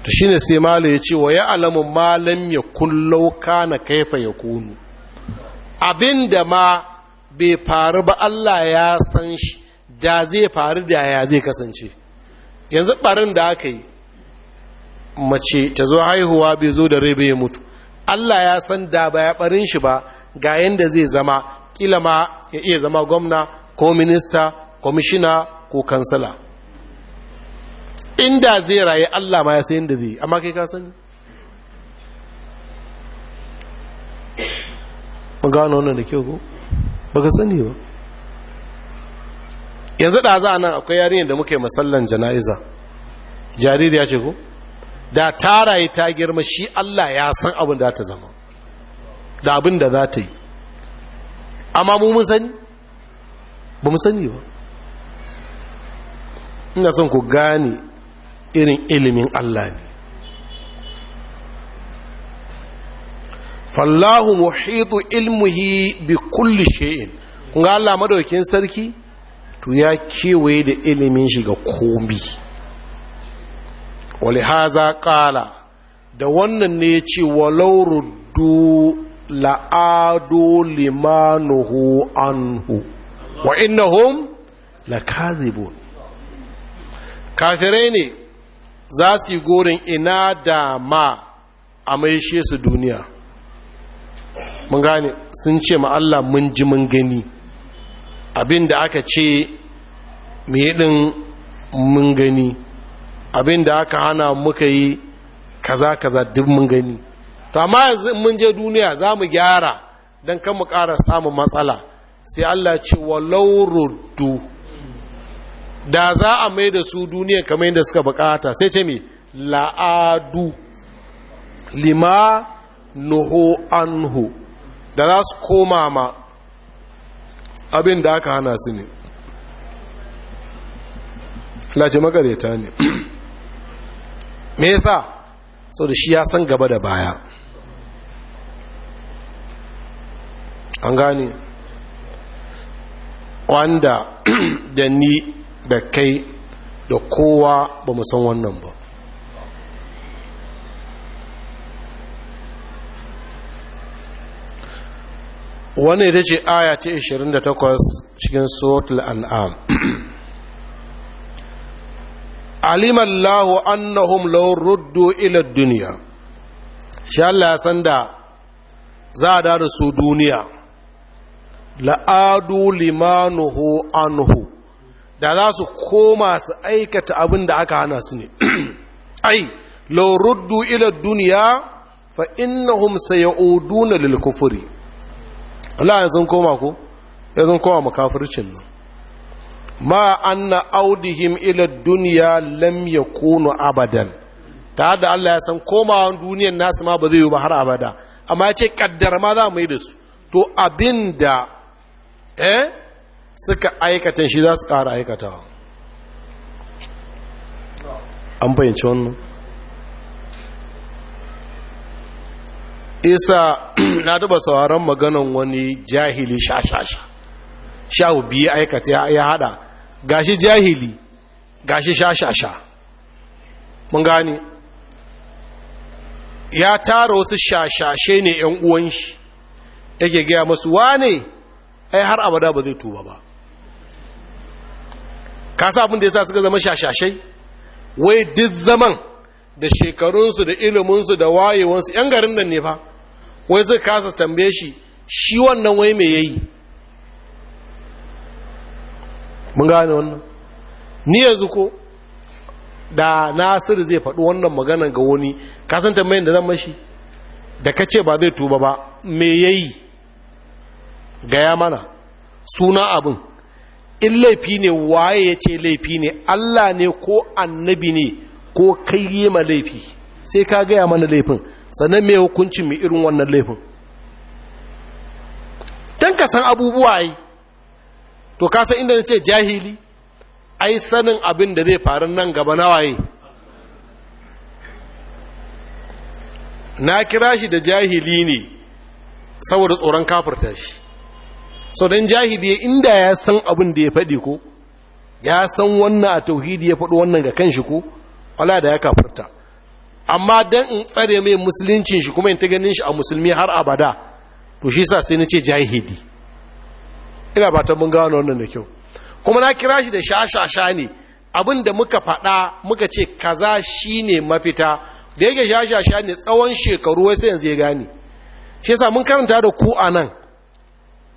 [SPEAKER 1] to shine sai malo ya ce wa ya alamu malam ya kullau kana kaifa ya kunu abinda ma bai faru ba Allah ya san shi da zai faru da ya zai kasance yanzu barin da aka yi mace ta zo haihuwa bai zo da rai bai mutu Allah ya san da ba ya barin shi ba ga yanda zai zama kila ma ya iya zama gwamna ko minista kwamishina ko kansala inda zai raye Allah ma ya san yanda zai amma kai ka sani mun gano wannan da kyau ko ka sani ba yanzu da za nan akwai yarinyar da muke masallan jana'iza jariri ya ce ku da tara yi ta girma shi Allah ya san abin da ta zama da abin da za ta yi amma mu mun sani ba mu sani ba ina son ku gane irin ilimin Allah ne fallahu muhitu ilmuhi bi kulli shay'in kun ga Allah madaukakin sarki to ya kewaye da ilimin shi ga komi haza ƙara da wannan ne ya ce walau ruddu la'adu limanuhu anhu wa innahum lakazibun kafirai ne za su yi gorin ina da ma a maishe su duniya mun gane sun ce ma Allah mun ji mun gani abin da aka ce mai ɗin mun gani abin da aka hana muka yi kaza kaza duk mun gani to amma yanzu mun je duniya za mu gyara don kan mu ƙara samun matsala sai Allah ce wa lauruddu da za a mai da su duniya kamar yadda suka bukata sai ce mai la'adu lima nuhu anhu da za su koma ma abin da aka hana su ne lace makareta ne me yasa sau da shi ya san gaba da baya an gane wanda <clears throat> da ni da kai da kowa ba san wannan ba wannan ita ce aya ta 28 cikin suratul an'am <clears throat> alimallahu annahum law ruddu ila duniya Sha Allah ya san da za a da su duniya la'adu limanuhu anhu da za su koma su aikata abin da aka hana su ne <clears throat> ai law ruddu ila duniya fa innahum sayuduna lil kufri Allah yanzu koma ko yanzu koma makafircin nan ma na audihim ila duniya lam yakunu abadan ta da Allah ya san komawan duniyar nasu ma ba zai yi ba har abada amma ya ce kaddar ma za mu yi da su to abinda eh suka aikatan shi za su ƙara aikatawa an fahimci wannan isa <clears throat> na taba sauraron maganan wani jahili shashasha sha biyu aikata ya hada gashi jahili gashi shashasha mun gani ya tara wasu shashashe ne yan uwan shi yake gaya masu wane ai har abada ba zai tuba ba ka sa abin da ya sa suka zama shashashai wai duk zaman da shekarunsu da iliminsu da wayewansu yan garin nan ne fa wai zai kasa tambaye shi shi wannan wai me yayi mun gane wannan ni yanzu ko da nasiru zai faɗi wannan maganar ga wani kasan tambayin da zan mashi da ka ce ba zai tuba ba me yayi gaya mana suna abin in laifi ne waye ya ce laifi ne allah ne ko annabi ne ko kai yi ma laifi sai ka gaya mana laifin sannan mai hukuncin mai irin wannan laifin don ka san abubuwa yi to ka san inda na ce jahili ai sanin abin da zai faru nan gaba na waye na kira shi da jahili ne saboda tsoron kafarta shi sau don jahili inda ya san abin da ya faɗi ko ya san wannan a tauhidi ya faɗo wannan ga kan shi ko kwala da ya kafarta amma dan in tsare mai musuluncin shi kuma in ta ganin shi a musulmi har abada to shi sa sai na ce jahidi ina ba ta mun gano wannan da kyau kuma na kira shi da shashasha ne abin da muka faɗa muka ce kaza ne mafita da yake shashasha ne tsawon shekaru wai sai yanzu ya gane shi sa mun karanta da ku a nan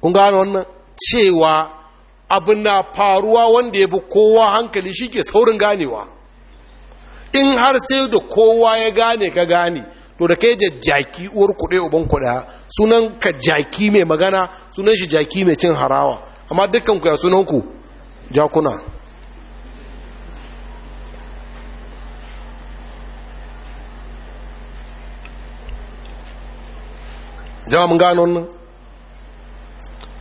[SPEAKER 1] kun gano wannan cewa abin na faruwa wanda ya bi kowa hankali shi ke saurin ganewa in har sai da kowa ya gane ka gane to da kai jaki uwar kuɗe uban kuɗa sunan ka jaki mai magana sunan shi jaki mai cin harawa amma dukkan ku ya sunan ku jakuna jama mun gano nan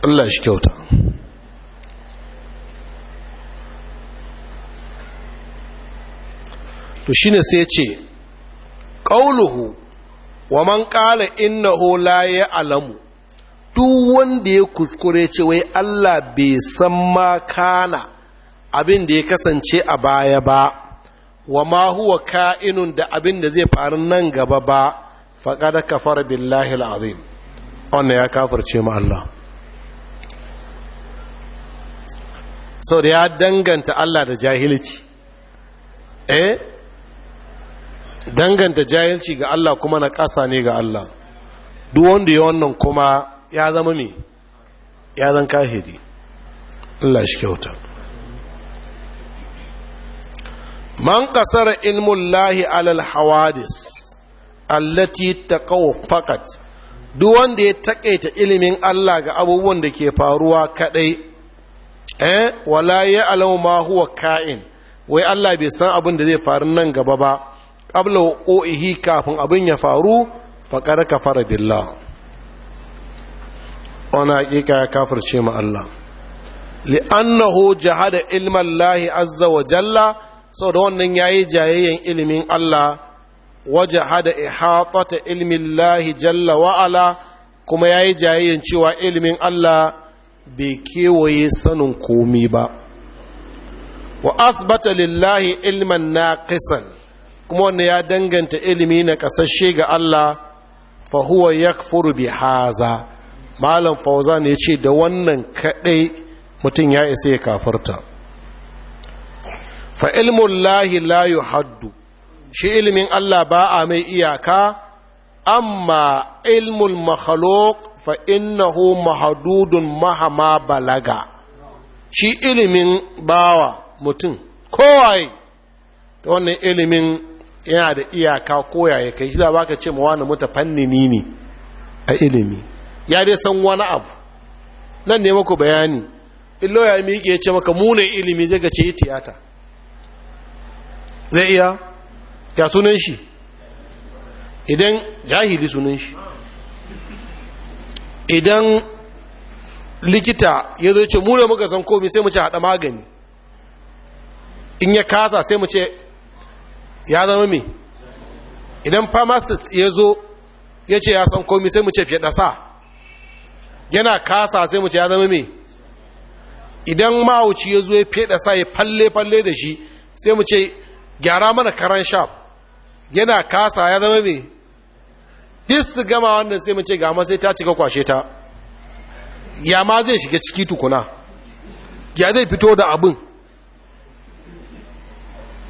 [SPEAKER 1] Allah shi kyauta to shine sai ce ƙauluhu, wa man qala innahu la ya'lamu duk wanda ya kuskure ce wai Allah bai san ma kana abin da ya kasance a baya ba wa ma huwa ka'inun da abin da zai faru nan gaba ba faqad kafar billahi alazim wannan ya kafirce ma Allah sau da ya danganta Allah da jahilci eh danganta jahilci ga Allah kuma na ƙasa ne ga Allah duk wanda ya wannan kuma ya zama me ya zan kahiri Allah shi kyauta man ƙasar ilmun lahi alal hawadis allati taqaw faqat duk wanda ya taƙaita ilimin Allah ga abubuwan da ke faruwa kaɗai. eh wala ya alamu ma huwa ka'in wai Allah bai san abin da zai faru nan gaba ba wa ƙo’ihi kafin abin ya faru faqad kafara dilla wana hakika ya kafirce ma Allah li'annahu jahada ilma lahi azza wa jalla saboda wannan ya yi jayayyen ilimin Allah hada ihatata ilmi lahi jalla wa'ala, kuma ya yi jayayyen cewa ilimin Allah bai kewaye sanin komi ba wa asbata lillahi ilman kisan kuma wanda ya danganta ilimi na kasashe ga Allah fa huwa yakfuru bi haza malam fauzan ya ce da wannan kadai mutum ya isa ya kafirta fa ilmun lahi la yuhaddu shi ilimin Allah ba a mai iyaka amma ilmun makhluk fa innahu mahdudun mahama balaga shi ilimin bawa mutum kowaye ta wannan ilimin yana da iyaka koya ya kai shi za baka ce ma wani mutafannini ne a ilimi ya dai san wani abu nan ne maku bayani illo ya miƙe ya ce maka mune ilimi zai ga ce yi tiyata zai iya ya sunan shi idan jahili sunan shi idan likita ya zai ce mune muka san komi sai mu ce haɗa magani in ya kasa sai mu ce ya zama me idan pharmacist ya zo ya ce ya san komi sai mu ce fiye ɗasa yana kasa sai mu ce ya zama me idan mahauci ya zo ya fiye ɗasa ya falle-falle da shi sai mu ce gyara mana karan shaf yana kasa ya zama me dis su gama wannan sai mu ce gama sai ta cika kwashe ta ya ma zai shiga ciki tukuna ya zai fito da abin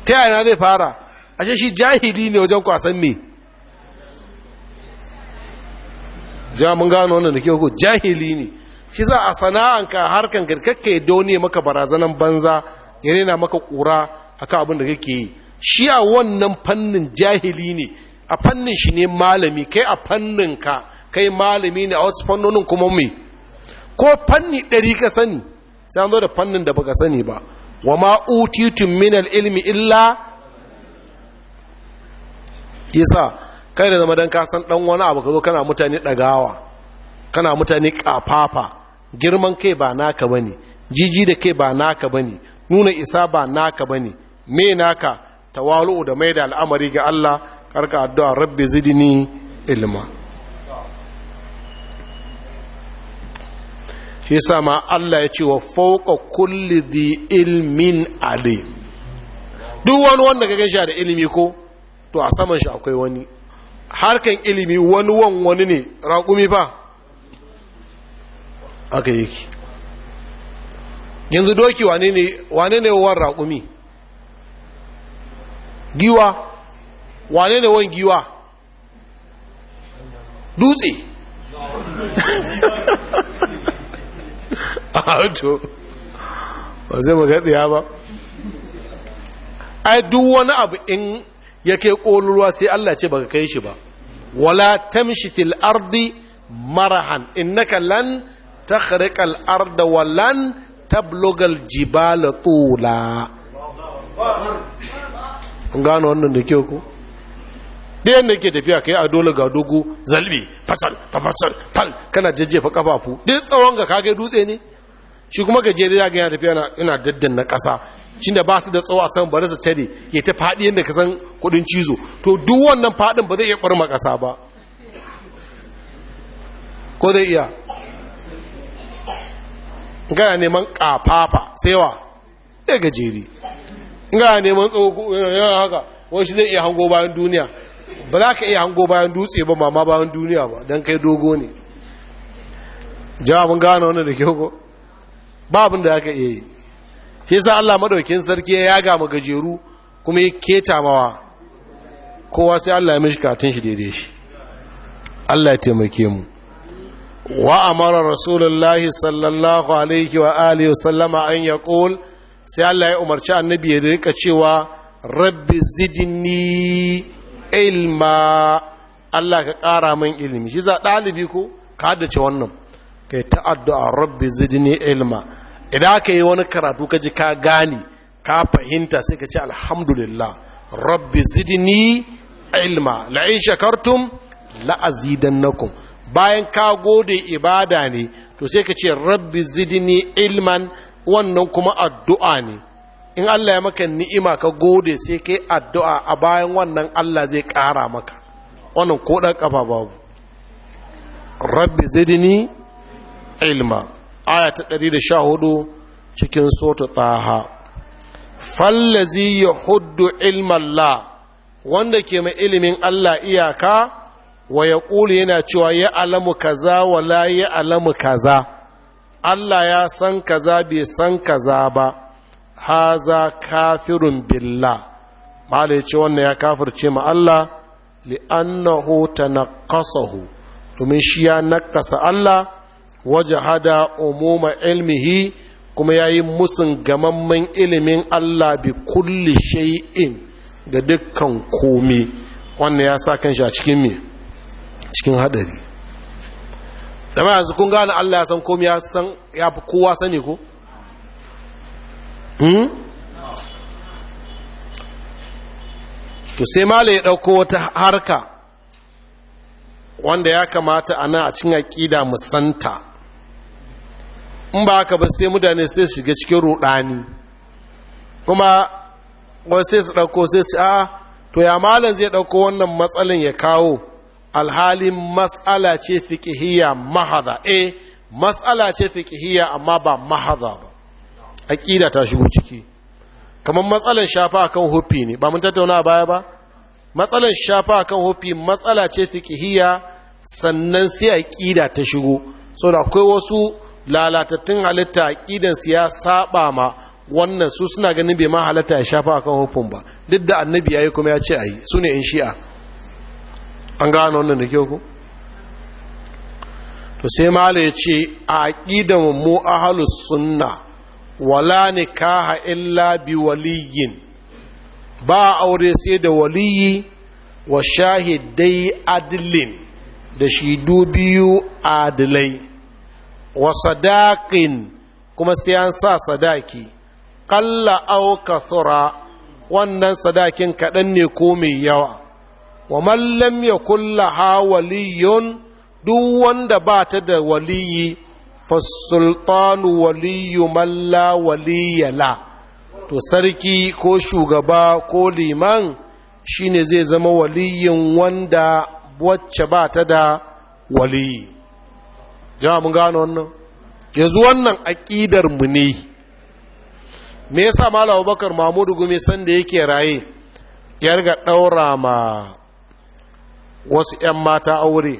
[SPEAKER 1] ta yana zai fara ashe shi jahili ne wajen kwasan me ja gano wannan da ke ko jahili ne shi sa a sana'anka harkan garkakka ya doniye maka barazanan banza ya rena maka kura a akan abin da kake yi shi a wannan fannin jahili ne a fannin shi ne malami kai a fannin ka kai malami ne a wasu fannonin kuma mai ko fanni ɗari ka sani sai an zo da fannin da baka sani ba wa ma min ilmi illa isa kai da zama don kasan dan wani abu ka zo kana mutane dagawa kana mutane kafafa girman kai ba naka ba jiji da kai ba naka ba nuna isa ba naka ba me naka tawalu da mai da al'amari ga allah karka addu'a rabbi zidni ilma shi yasa ma allah ya ce wa fawqa kulli dhi ilmin ali duk wani wanda ka gaisha da ilimi ko to a saman shi akwai wani harkan ilimi wani wan wani ne raƙumi ba aka yake yanzu doki wane ne ne wan raƙumi giwa wane ne wan giwa dutse <laughs> a hato ba zai magaɗiya ba ai duk wani abu in ya kai sai Allah ce baka kai shi ba wala tamshi ardi marahan innaka lan takhriqal arda wa lan tablugal jibala tula gano wannan da ke ku da yadda ke tafiya ka yi a dole ga dogo zalbi fasal fasal fal kana jajjefa kafafu dai tsawon ga kage dutse ne shi kuma gajere ya ga yana tafiya yana daddan na ƙasa Shin da ba su da tsawo a san bari su tare ya ta faɗi yadda ka san kudin cizo to duk wannan faɗin ba zai iya ɓarma ƙasa ba ko zai iya gana neman ƙafafa sai wa ɗaya gajeri gana neman tsawo yana eh, eh, haka wani shi zai iya hango bayan duniya ba za ka iya hango bayan dutse ba mama bayan duniya ba don kai dogo ne jawabin gane wanda da kyau ko ba abin da aka iya yi shi sa Allah madaukin sarki ya gama gajeru kuma ya keta mawa kowa sai Allah ya mishi katin shi daidai shi Allah ya taimake mu wa amara rasulullahi sallallahu alaihi wa alihi wa sallama an yaqul sai Allah ya umarci annabi ya rika cewa rabbi zidni ilma Allah ka ƙara min ilimi shi za ɗalibi ko ka haddace wannan kai ta addu'a rabbi zidni ilma idan ka yi wani karatu ka ji ka gane ka fahimta sai ka ce alhamdulillah rabbi zidni ilma la'in shakartum azidannakum bayan ka gode ibada ne to sai ka ce rabbi zidni ilman wannan kuma addu'a ne in Allah ya maka ni'ima ka gode sai kai addu'a a bayan wannan Allah zai ƙara maka wannan ko ɗan ƙafa babu rabbi zidni ilma aya ta 114 cikin sota taha fallazi huddu ilmallah wanda ke mai ilimin Allah iyaka wa ya ƙuli yana cewa ya alamu kaza wa la ya alamu kaza Allah ya san kaza bai san kaza ba haza kafirun billah mala ya ce wannan ya kafirce ma Allah li'annahu tanaqasahu domin shi ya naƙasa Allah wajahada hada umuma ilmihi kuma ya yi musun gamamman ilimin Allah bi kulli shay'in ga dukkan komi wannan ya sa kanshi a cikin me cikin hadari dama yanzu kun gane Allah ya san komi ya san ya fi kowa sani ko hmm to sai malai ya dauko wata harka wanda ya kamata ana a cikin aqida musanta in ba haka ba sai mutane sai shiga cikin rudani kuma wai sai su ɗauko sai su a to ya malam zai ɗauko wannan matsalin ya kawo alhalin matsala ce fiƙihiyya mahada eh matsala ce fiƙihiyya amma ba mahada ba aƙida ta shigo ciki kamar matsalan shafa akan hufi ne ba mun tattauna baya ba matsalan shafa akan hufi matsala ce fiƙihiyya sannan sai aƙida ta shigo so da akwai wasu lalatattun halitta aƙidansu ya saba ma wannan su suna ganin bai ma halatta ya shafa akan hukun ba duk da annabi ya yi kuma ya ce a yi su ne in shi'a an gano wannan da kyau ku to sai mala ya ce a aƙidan mu ahalus sunna wala nikaha illa bi waliyin ba a aure sai da waliyi wa shahidai adilin da shidu biyu adilai wa sadaqin kuma sai an sa sadaki qalla aw kathura wannan sadakin kaɗan ne ko mai yawa wa mallam ya kulla ha waliyun duk wanda ba ta da waliyi Sultanu waliyu malla waliyala to sarki ko shugaba ko liman shine zai zama waliyin wanda wacce ba ta da waliyi jama mun gano wannan yanzu wannan aƙidar mu ne me yasa malam abubakar mahmudu gumi sanda yake raye ya riga ɗaura ma wasu 'yan mata aure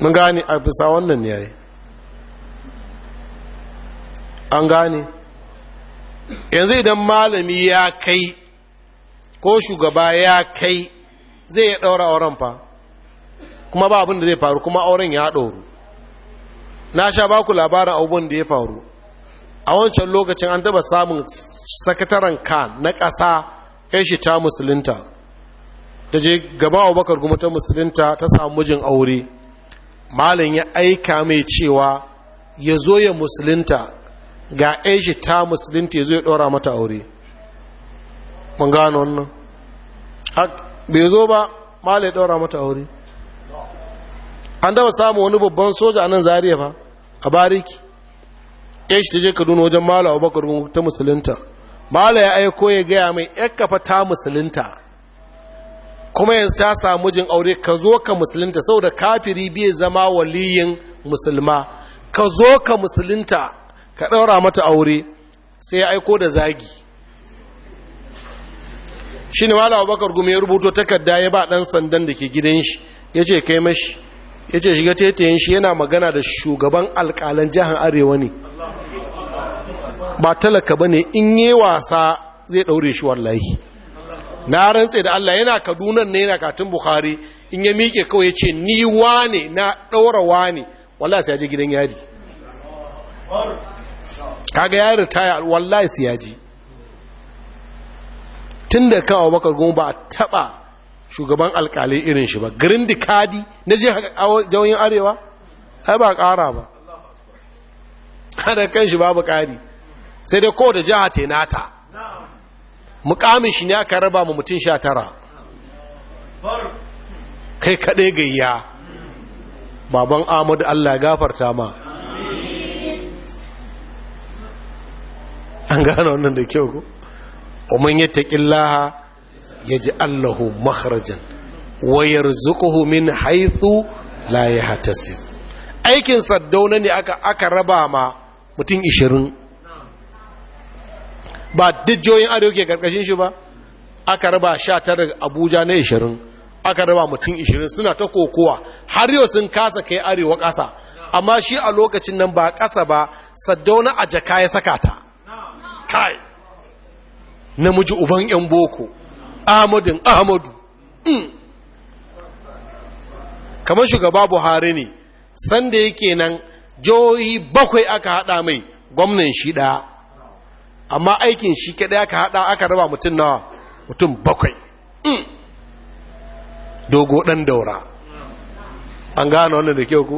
[SPEAKER 1] mun gane a bisa wannan ne yayi an gane yanzu idan malami ya kai ko shugaba ya kai zai ya ɗaura auren fa kuma ba abin da zai faru kuma auren ya ɗoru na sha ba ku labarin abubuwan da ya faru a wancan lokacin an taba samun sakataren ka na ƙasa ya shi ta musulunta ta je gaba abubakar kuma ta musulunta ta samu mijin aure malin ya aika mai cewa ya zo ya musulunta ga aishi ta musulunta ya zo ya ɗora mata aure mun gano wannan bai zo ba malin ya ɗora mata aure an dawa samu wani babban soja a nan zariya ba a bariki ya shi ta je kaduna wajen mala bakar ta musulunta mala ya aiko ya gaya mai ya kafa ta musulunta kuma yanzu ta samu jin aure ka zo ka musulunta saboda kafiri bai zama waliyin musulma ka zo ka musulunta ka ɗaura mata aure sai ya aiko da zagi shi ne mala bakar gumi ya rubuto takarda ya ba ɗan sandan da ke gidan shi ya ce kai mashi ya ce shiga tetayen shi yana magana da shugaban alkalan jihar arewa ne ba talaka ba ne in yi wasa zai ɗaure shi wallahi na rantse da Allah yana kadunan ne yana katin Bukhari in ya miƙe kawai ya ce ni wane na ɗaura wane wallahi ya gidan yadi kaga ya ritaya wallahi ya ji tun da kawo bakar goma ba a taɓa shugaban alkalai irin shi ba garin dikadi na jawon arewa ai ba ƙara ba hada kan shi babu ƙari sai dai ko da jiha tenata mukamin shi ne aka raba mu mutum sha tara kai kaɗai gayya baban amadu allah gafarta ma an gano wannan da kyau ku umar yadda laha ya ji allahu makharajan wayar yarzuquhu min haithu la yahtasib hatasi aikin saddauna ne aka, aka raba ma mutum ishirin ba dijoyin ado ke karkashin shi ba aka raba 19 abuja na ishirin aka raba mutum ishirin suna ta kokowa har yau sun kasa kai arewa kasa. amma shi a lokacin nan ba kasa ba saddauna a jaka ya saka ta kai namiji uban 'yan boko ahmadin ahmadu hmm. kamar shugaba buhari ne sanda yake nan jihohi bakwai aka haɗa mai gwamnan shi ɗaya amma aikin shi kaɗai aka hada aka raba mutum nawa mutum bakwai hmm. dogo ɗan daura an gane wannan da kyau ku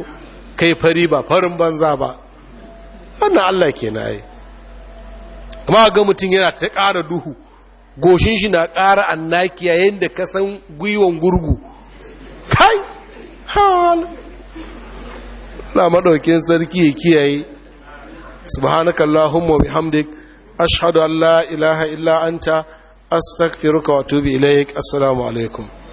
[SPEAKER 1] kai fari ba farin banza ba wannan allah ke na yi amma ga mutum yana ta ƙara duhu goshin shi na ƙara annakiya yadda ka san gwiwon gurgu kai hal na maɗaukin sarki ya kiyaye subhanakallahumma allahumma bihamdik ashhadu an la ilaha illa anta astaghfiruka wa atubu ilayk assalamu alaikum